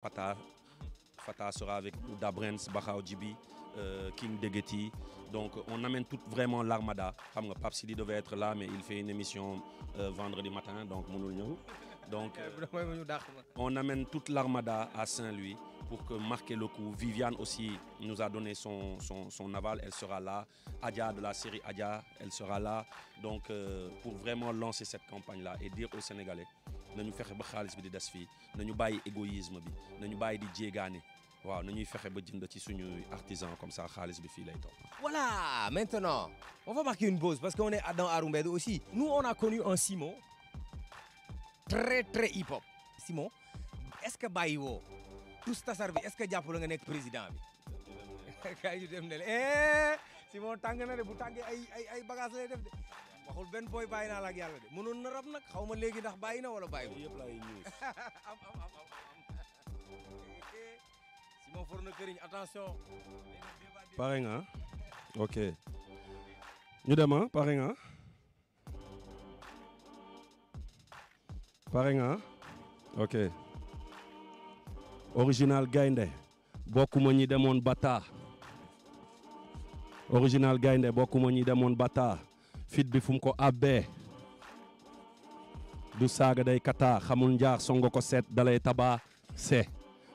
Fata, Fata sera avec Ouda Brens, Baha Ojibi, euh, King Degeti. Donc on amène toute vraiment l'armada. Pape Sidi devait être là, mais il fait une émission euh, vendredi matin, donc Mounoul Donc euh, on amène toute l'armada à Saint-Louis. pour que marquer le coup. Viviane aussi nous a donné son, son, son aval, elle sera là. Adia de la série Adia, elle sera là. Donc euh, pour vraiment lancer cette campagne-là et dire aux Sénégalais, nañu fexe ba xaalis bi di des fii nañu bàyyi égoïsme bi nañu bàyyi di jéegaane waaw nañuy fexe ba jënd ci suñuy artisan comme ça xaalis bi fii lay toog. voilà maintenant on va marquer une pause parce qu'on est dans Arru aussi nous on a connu un Simon très très hip hop Simon est-ce que bàyyi woo tous tasar bi est ce que jàpp la nga nekk président bi. kay eh, Simon tàng de bu tàngee ay ay ay bagage lay def de waxul benn booy bàyyi naa la ak yàlla de mënoon na rab nag xaw ma léegi ndax bàyyi na wala bàyyi ko. yëpp laay ñëw am am am Simon for na këriñ nga ok ñu dem ah, nga pare original gaynde bokkuma ñi demoon bata original gaynde bokkuma ñi demoon bata fit bi fu mu ko abbee du saaga day kataa xamul njaax songo ko seet dalay tabaa see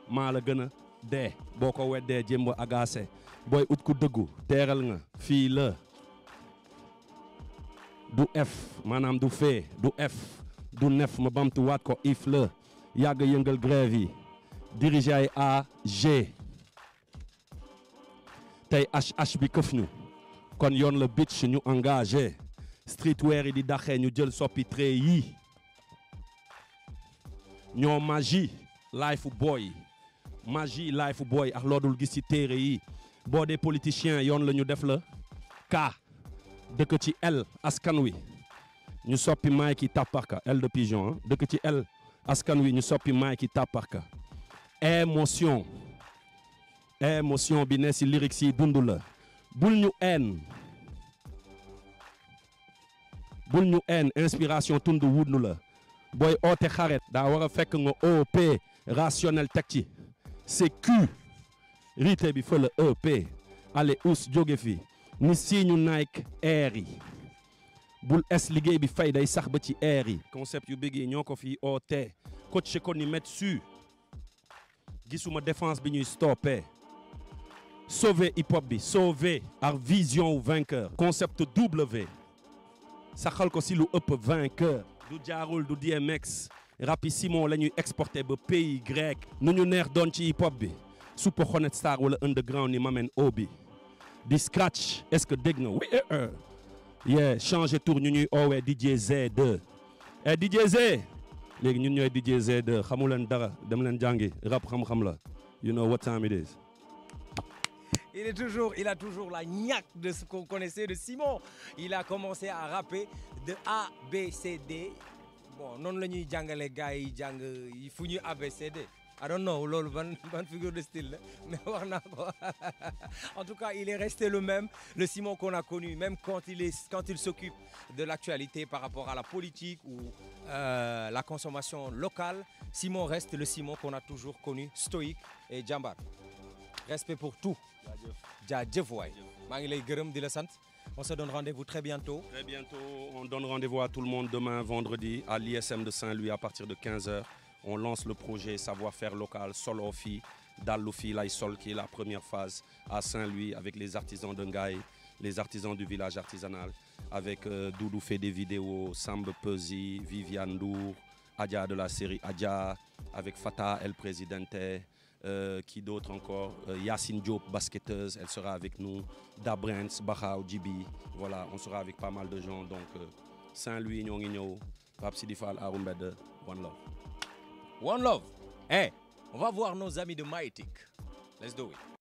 maa la gën a dee boo ko weddee jëmb agaase booy ut ku dëggu teeral nga fii la du f maanaam du fee du f du nef ma bamtuwaat ko if la yàgg yëngal grève dirigé ay AG tey HH bi këf ñu kon yoon la beach ñu engagé streetwear yi di daxee ñu jël soppi trait yi ñoo magie life boy magie life boy ak loo dul gis ci téere yi boo dee politicien yoon la ñu def la ka dëkk ci L askan wi ñu soppi maay ki tàpparka L de pigeon ah. dëkk ci L askan wi ñu soppi maay ki tàpparka émotion émotion bi ne si lyrics yi dund la bul ñu en bul ñu en tund wund la booy oote xaret daa war a fekk nga op rationnel teg ci c'est Q rite bi fëla ep ale us jóge fi ni siiñu Nike air bul es liggéey bi fay day sax ba ci air yi concept yu big yi ñoo ko fi oote coach ko ni met su gis gisuma défense bi ñuy stoppé sauver hip hop bi sauver ak vision wu vainqueur concept W saxal ko si lu ëpp vainqueur du jaarul du DMX rapi Simon la ñuy exporté ba pays grec nu ñu neex doon ci hip hop bi Super Hornet Star wala underground ni mamen o bi di scratch est-ce que dégg nga oui eh, eh. yeah changer tour ñu ñuy oowee DJ Z2 eh DJ Z léegi ñun ñooy DJ z de xamu leen dara dem leen jàngi rap xam-xam la you know what time it Il toujours, a toujours la niaque de ce qu'on connaissait de Simon. Il a commencé à rapper de A B C D. Bon, noonu la ñuy jàngale gars yi jàng yi fu ñu A B I don't know loolu ban ban figure de style la mais wax naa en tout cas il est resté le même le Simon qu'on a connu même quand il est s'occupe de l'actualité par rapport à la politique ou euh, la consommation locale Simon reste le Simon qu'on a toujours connu stoïque et jàmbaar respect pour tout ja waay maa ngi lay gërëm di la sant on se donne rendez-vous très bientôt très bientôt donne rendez-vous à tout le monde demain vendredi à l'ISM de Saint-Louis à partir de 15 heures on lance le projet savoir-faire local solo fii dallu fii lay sol qui est la première phase à Saint-Louis avec les artisans de Ngaye les artisans du village artisanal avec euh, Doudou fait des vidéos Samb Peuzzi Viviane Ndour Adja de la série Adja avec Fata El Presidente euh, qui d'autre encore euh, Yacine Diop basketteuse elle sera avec nous Dabrens Bakhaw Djibi voilà on sera avec pas mal de gens euh, Saint-Louis ñoo ngi ñëw Pape Sidi One love. Hey, on va voir nos amis de Mythic. Let's do it.